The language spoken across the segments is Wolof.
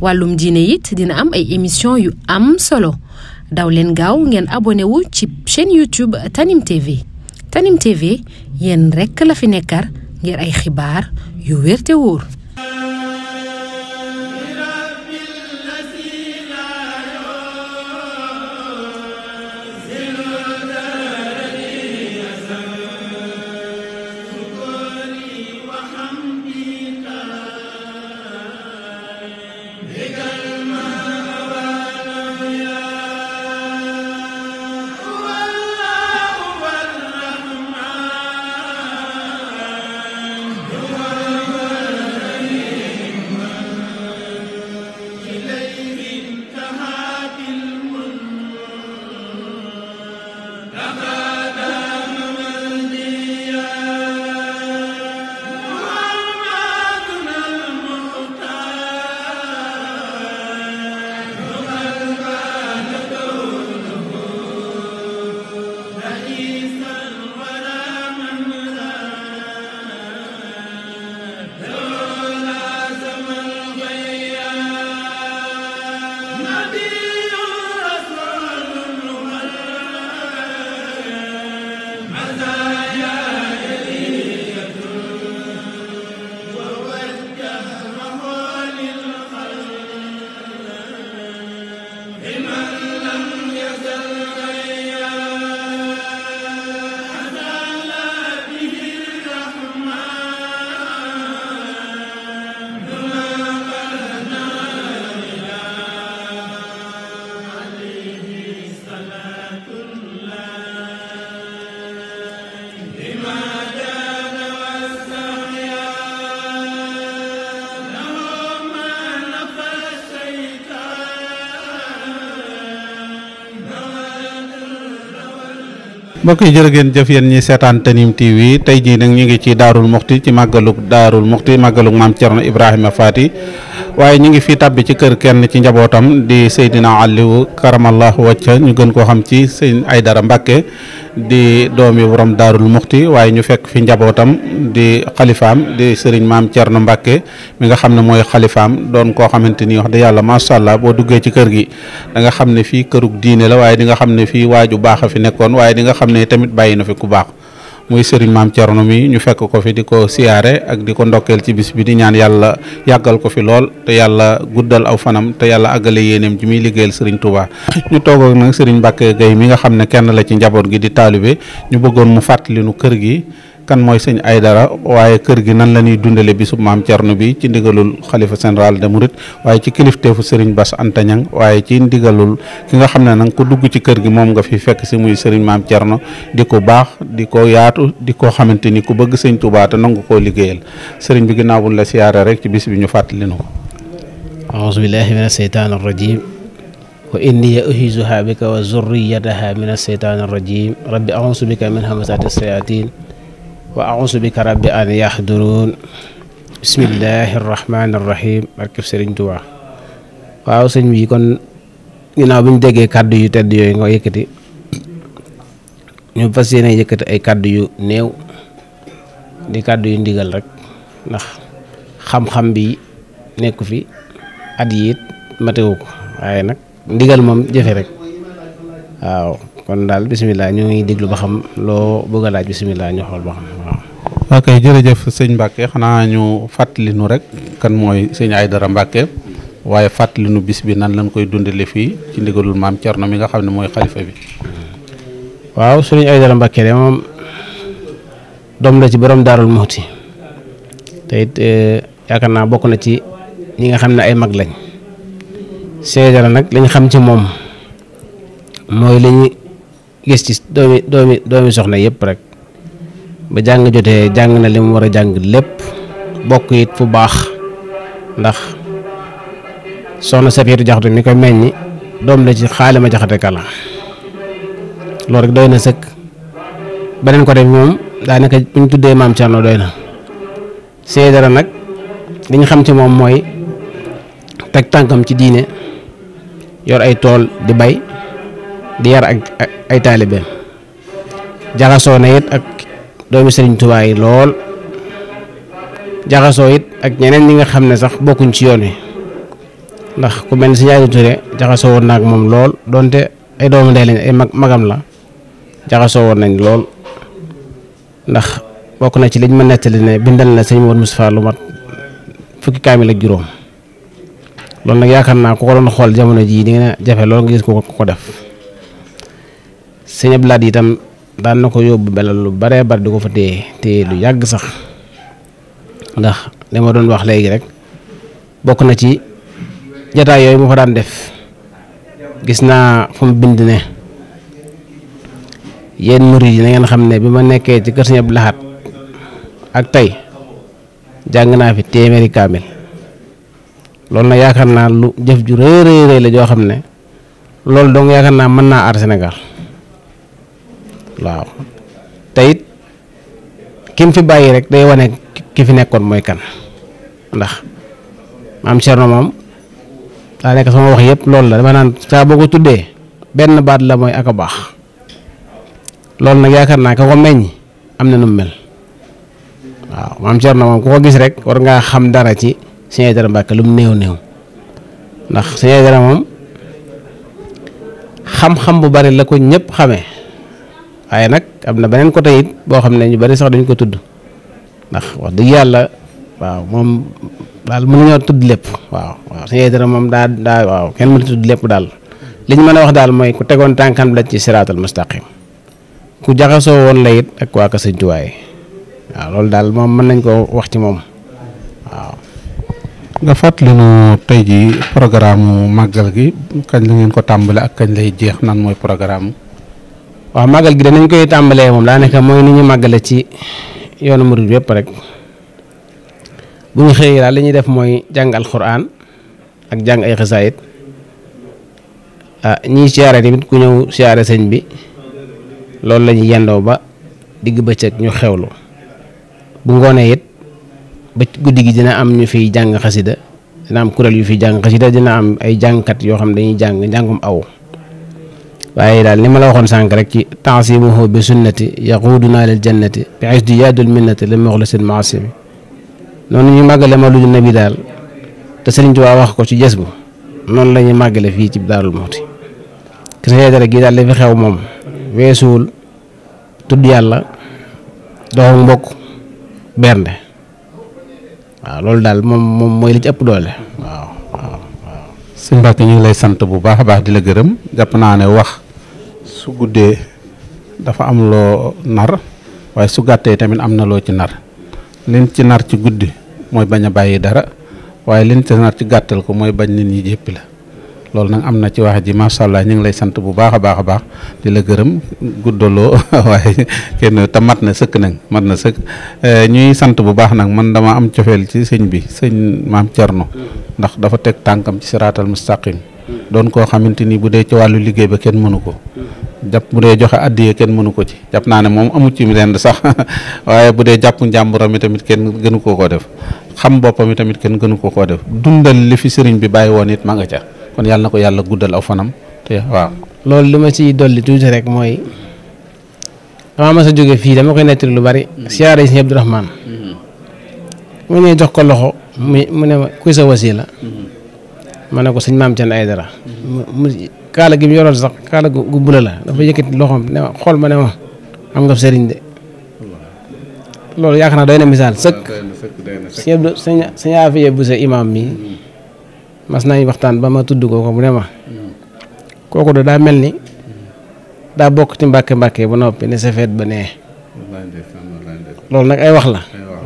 wàllum diine it dina am ay émission yu am solo daw leen gaaw ngeen abonné wu ci chaîne YouTube Tanim TV Tanim TV rekk la fi nekkar ngir ay xibaar yu wér te wóor mbokk yi jërë ngeen jëf yéen ñi seetaan Tanime TV tey jii nag ñu ngi ci Daarul Muxti ci màggalug Daarul Muxti màggalug maam Cerno Ibrahima Faati waaye ñu ngi fii tàbbi ci kër kenn ci njabootam di seydinaa Aliou karamallahu wacca ñu gën koo xam ci ay dara Mbàkke di doomi borom daarul muxti waaye ñu fekk fi njabootam di xalifaam di sëriñ maam Thierno Mbàkke mi nga xam ne mooy xalifaam doon koo xamante ni wax dëgg yàlla macha allah boo duggee ci kër gi da nga xam ne fii kërug diine la waaye di nga xam ne fii waaju baax a fi nekkoon waaye di nga xam ne tamit bàyyi na fi ku baax muy sëriñ maam Thierno mi ñu fekk ko fi di ko siyaare ak di ko ndokkeel ci bis bi di ñaan yàlla yàggal ko fi lool te yàlla guddal aw fanam te yàlla àggale yéeneem ji muy liggéeyal sëriñ tubaa ñu toog ak nag sëriñ Mbacke Gueye mi nga xam ne kenn la ci njaboot gi di taalibe ñu bëggoon mu fàttali nu kër gi. kan mooy sëñ Aydara waaye kër gi nan la ñuy dundale bisub maam Cerno bi ci ndigalul xalifa général de Mouride waaye ci kilifteefu Serigne Bass Anta Niang waaye ci ndigalul ki nga xam ne nag ku dugg ci kër gi moom nga fi fekk si muy Serigne maam Cerno di ko baax di ko yaatu di ko xamante ku bëgg sëñ Touba nangu koo liggéeyal sëriñ bi ginnaaw la siyaare rek ci bis bi ñu fàttali nu ko aouzu billahi min asheytaan arrajim wa inni uhizuha bika wa zurriyataha min asheytaan arrajim wa auzu bika rabbi an yaxduruun bismillahi arrahmani arrahim waaw sëñ bi kon ginnaaw bi ñu déggee kàddu yu tedd yooyu nga yëkkati ñu fas yéene yëkkati ay kàddu yu néew di kàddu yu ndigal rek ndax xam-xam bi nekku fi at yi it ko waaye nag ndigal moom jëfe rek waaw kon daal bisimilah ñu ngi déglu ba xam loo bëgg a laaj bisimilah ñu xool ba xam waaw. ok jërëjëf sëñ Mbacke xanaa ñu fàttali nu rek kan mooy sëñ Aydara Mbacke waaye fàttali nu bis bi nan lañ koy dundale fii ci ndigalul maam mi nga xam ne mooy xalifa bi. sëñ Aydara Mbacke de moom doom la ci borom daarul Muxti te it eh, naa bokk na ci ñi nga xam ne ay mag lañ. Sëñ Aydara nag lañ xam ci moom mooy lañu gis ci doomi doomi doomi soxna yëpp rek ba jàng jotee jàng na li mu war a jàng lépp bokk yit fu baax ndax soxna Safiyeetu Jaxate mi ko meññi doom la ci Xaalima Jaxate Kala loolu rek doy na sëkk beneen côté bi moom daanaka bu ñu tuddee maam Thierno doy na Seydara nag li xam ci moom mooy teg tànkam ci diine yor ay tool di bay di yar ak ay taalibeem jaxasoo na it ak doomi sëriñ Tuubaa lool jaxasoo it ak ñeneen ñi nga xam ne sax bokkuñ ci yoon wi ndax ku mel ni Sëriñ Aliou Touré jaxasoo woon na ak moom lool donte ay doomu ndey ay mag magam la jaxasoo woon nañ lool ndax bokk na ci liñ ma nettali ne bindal na sëñ Modou Moustapha lu mat fukki kaamil ak juróom loolu nag yaakaar naa ku ko doon xool jamono jii di nga jafe lool nga gis ko ko def sëñ Abdou Lahad itam daan na ko yóbbu belal lu baree bari di ko fa téye lu yàgg sax ndax li ma doon wax léegi rek bokk na ci jataay yooyu mu fa daan def gis naa fu mu bind ne yéen murid yi nangeen xam ne bi ma nekkee ci kër sëñ Abdou ak tey jàng naa fi téeméeri kaamil loolu na yaakaar naa lu jëf ju rëy rëy la joo xam ne loolu dong yaakaar naa mën naa ar Sénégal waaw te it kim fi bàyyi rek day wane ki fi nekkoon mooy kan ndax maam na moom daa nekk sama wax yépp loolu la dama naan saa boo ko tuddee benn baat la mooy ak a baax loolu nag yaakaar naa ka ko meññ am na nu mel waaw maam na moom koo ko gis rek war ngaa xam dara ci Sëñ Aydara Mbàkke lu mu néew néew ndax Sëñ Aydara moom xam-xam bu bari la ko ñëpp xame waaye nag am na beneen côté it boo xam ne ñu bari sax dañ ko tudd ndax wax dëgg yàlla waaw moom daal mënuñoo tudd lépp waaw waaw Sëñ moom daa daa waaw kenn mënu tudd lépp daal li ñu mën a wax daal mooy ku tegoon tànkam la ci siraatal mustaqim ku jaxasoo woon la it ak waa ka Sëñ Tuubaa waaw loolu daal moom mën nañ koo wax ci moom waaw. nga lu ñu tey jii programme màggal gi kañ la ngeen ko tàmbale ak kañ lay jeex nan mooy programme waaw màggal gi danañ koy tàmbalee moom daanaka mooy ni ñu màggale ci yoonu murid yépp rek bu ñu xëyee daal li ñuy def mooy jàng alxuraan ak jàng ay xisaayit ah siyaare tamit ku ñëw siyaare sëñ bi loolu la ñuy yendoo ba digg bëccëg ñu xewlu bu ngoonee it ba guddi gi dina am ñu fiy jàng xasida dina am kuréel yu fiy jàng xasida dina am ay jàngkat yoo xam dañuy jàng njàngum aw waaye daal li ma la waxoon sànq rek ci tansimuhu bi sunnati yaquduna lil jannati bi isdi yaadul minnati li muxlisin maasimi noonu ñu màggale mawlidu nabi daal te Sëriñ Tuubaa wax ko ci jës bu noonu la ñuy màggale fii ci Daarul Muxti kese Aidara gi daal li fi xew moom weesuwul tudd yàlla doxu mbokk bernde waaw loolu daal moom moom mooy li ci ëpp doole waaw waaw waaw sëñ Mbacke lay sant bu baax a baax di la gërëm jàpp naa ne wax su guddee dafa am loo nar waaye su gàttee tamit am na loo ci nar liñ ci nar ci guddi mooy bañ a bàyyi dara waaye liñ ci nar ci gàttal ko mooy bañ nit ñi jéppi la loolu nag am na ci wax ji macha allah ñu ngi lay sant bu baax a baax a baax di la gërëm guddaloo waaye kenn te mat na sëkk nag mat na sëkk eh, ñuy sant bu baax nag man dama am cofeel ci sëñ bi sëñ maam Thierno ndax dafa teg tànkam ci siraatal mustaqim doon koo xamante ni bu dee ci wàllu liggéey ba kenn mënu ko jàpp bu dee joxe addiye kenn mënu ko ci jàpp naa ne moom amu ci rend sax waaye bu dee jàpp njàmburam mi tamit kenn gënu ko koo def xam boppam mi tamit kenn gënu ko koo def dundal li fi sëriñ bi bàyyi woon it ma nga ca kon yàlla na ko yàlla guddal aw fanam waaw. loolu li ma ciy dolli tuuti rek mooy damaa mas a jóge fii dama koy nettali lu bari. Hmm. siyaare si Abdourahmane mu ne jox ko loxo mu ne ma kuy sa wasiila hmm. ma ne ko sëñ maam Thierno dara hmm. kaala gi mu yoroon sax kaala gu bula la dafa yëkkati loxoom ne ma xool ma ne ma am nga sëriñ de loolu yaakaar naa doy na misaal sëkk sëñ Afiya bu sa imaam mi hmm. mas nañ waxtaan ba ma tudd ko ko mu ne ma hmm. kooku da daa mel ni daa bokk ci mbàkke mbàkke ba noppi ne safeet ba nee loolu nag ay wax la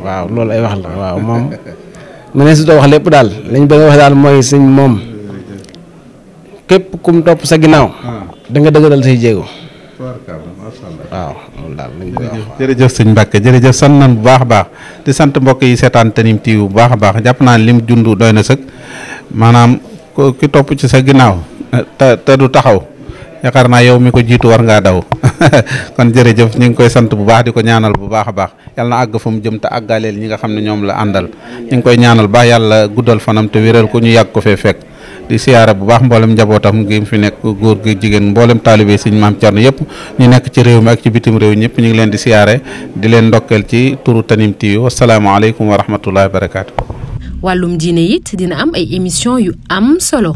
waaw loolu ay wax la waaw moom mu su wax lépp daal lañ bëgg a wax mooy sëñ moom képp kum topp sa ginnaaw. Ah. da nga dëgëral say jéego. waaw jërëjëf sëñ Mbacke jërëjëf sant nañ bu baax a baax di sant mbokk yi seetaan Tanime TV bu baax baax jàpp naa lim jund doy na sëg maanaam ki topp ci sa ginnaaw te te du taxaw yaakaar naa yow mi ko jiitu war ngaa daw kon jërëjëf ñu ngi koy sant bu baax di ko ñaanal bu baax a baax yàlla na àgg fu mu jëm te àggaaleel ñi nga xam ne ñoom la àndal ñu ngi koy ñaanal baax yàlla guddal fanam te wéral ko ñu yàgg ko fee fekk di siyaara bu baax mboolem njabootam gi fi nekk góor gi jigéen mboolem taalibe sëñ maam Thierno yëpp ñu nekk ci réew mi ak ci bitim réew ñëpp ñu ngi leen di siyaare di leen ndokkeel ci turu Tanime TV wasalaamaaleykum wa rahmatullahi wa barakaatu. wàllum diine it dina am ay émission yu am solo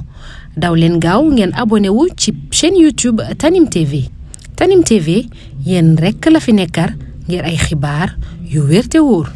daw leen gaaw ngeen abonné wu ci chaîne YouTube Tanime TV Tanime TV yéen rekk la fi nekkar ngir ay xibaar yu wér wóor.